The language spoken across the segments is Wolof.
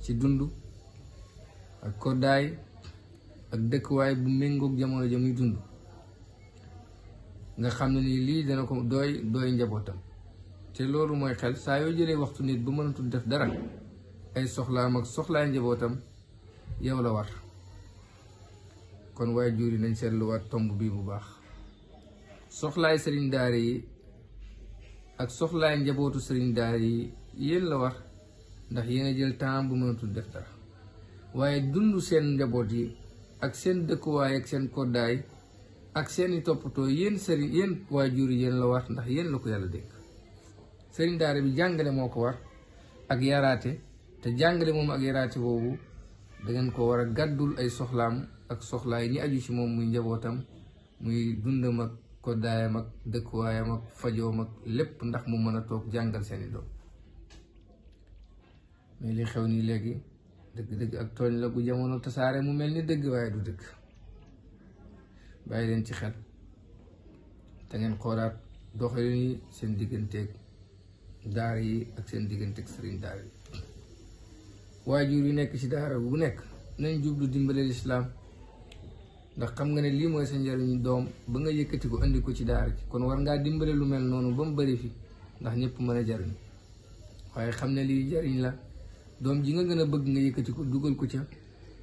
ci dund ak koddaay ak dëkkuwaay bu méngoog jamono ja dund nga xam ne nii lii dana ko dooy dooy njabootam te loolu mooy xel saa yoo jëlee waxtu nit bu mënatul def dara ay soxlaam ak soxlaay njabootam yow la war kon waaye juri nañ seetluwaat tomb bii bu baax soxlaay sëriñ daara yi ak soxlaay njabootu sëriñ daara yi yéen la war ndax yéen jël temps bu mënatul def dara waaye dund seen njaboot yi ak seen dëkkuwaay ak seen koddaay ak seeni toppatoo yéen sëriñ yéen waajur yi yéen la war ndax yéen la ko yàlla dénk sëriñ daara bi jàngale moo ko war ak yaraate te jàngale moom ak yaraate boobu dangeen ko war a gàddul ay soxlaam ak soxlaay ñi aju ci moom muy njabootam muy dundam ak koddaayam ak dëkkuwaayam ak fajoom ak lépp ndax mu mën a toog jàngal seeni doom mais li xew nii léegi dëgg-dëgg ak tooñ la gu jamono tasaare mu mel ni dëgg waaye du dëgg bàyyi leen ci xel te ngeen xoolaat doxalin yi seen digganteeg daara yi ak seen digganteeg sëriñ daara yi waajur yi nekk ci daara bu nekk nañ jublu dimbale lislaam ndax xam nga ne lii mooy sa njëriñu doom ba nga yëkkati ko andi ko ci daara ji kon war ngaa dimbale lu mel noonu ba mu bari fi ndax ñëpp mën a jariñ waaye xam ne lii jariñ la doom ji nga gën a bëgg nga yëkkati ko dugal ko ca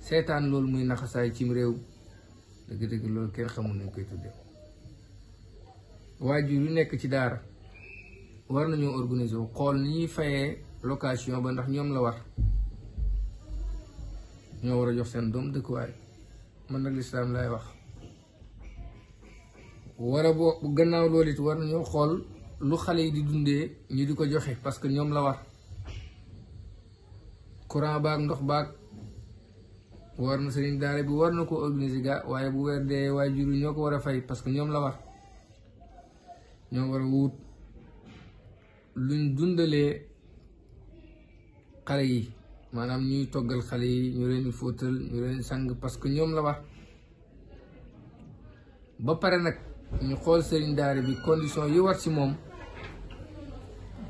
seetaan loolu muy naxasaay cim réew dëgg-dëgg loolu kenn xamul nañ koy tudde waajur yu nekk ci daara war nañoo organiser wu xool ni ñuy fayee location ba ndax ñoom la war ñoo war a jox seen doom dëkkuwaay man nag lislaam laay wax war a boo gannaaw loolu it war nañoo xool lu xale yi di dundee ñu di ko joxe parce que ñoom la war courant baag ndox baag war na sëriñ daara bi war na ko organiser ga waaye bu weer dee waaye jur ñoo ko war a fay parce que ñoom la war ñoo war a wut luñ dundalee xale yi maanaam ñuy toggal xale yi ñu leen fóotal ñu leen sang parce que ñoom la war ba pare nag ñu xool sëriñ daara bi condition yi war ci moom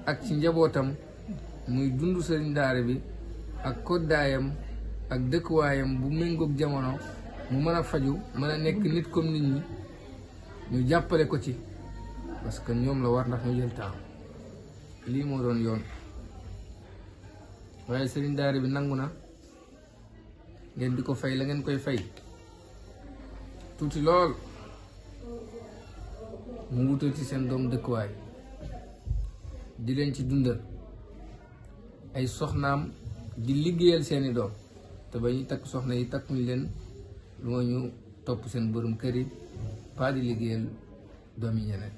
ak ci njabootam muy dund sëriñ daara bi ak koddaayam ak dëkkuwaayam bu méngoog jamono mu mën a faju mën a nekk nit comme nit ñi ñu jàppale ko ci parce que ñoom la war ndax ñu jël temps lii moo doon yoon waaye sëriñ bi nangu na ngeen di ko fay la ngeen koy fay tuuti lool mu wutal ci seen doom dëkkuwaay di leen ci dundal ay soxnaam di liggéeyal seeni doom te ba ñuy takk soxna yi takkuñ leen lu ma ñu topp seen borom kër yi pas di liggéeyal doomi ñeneen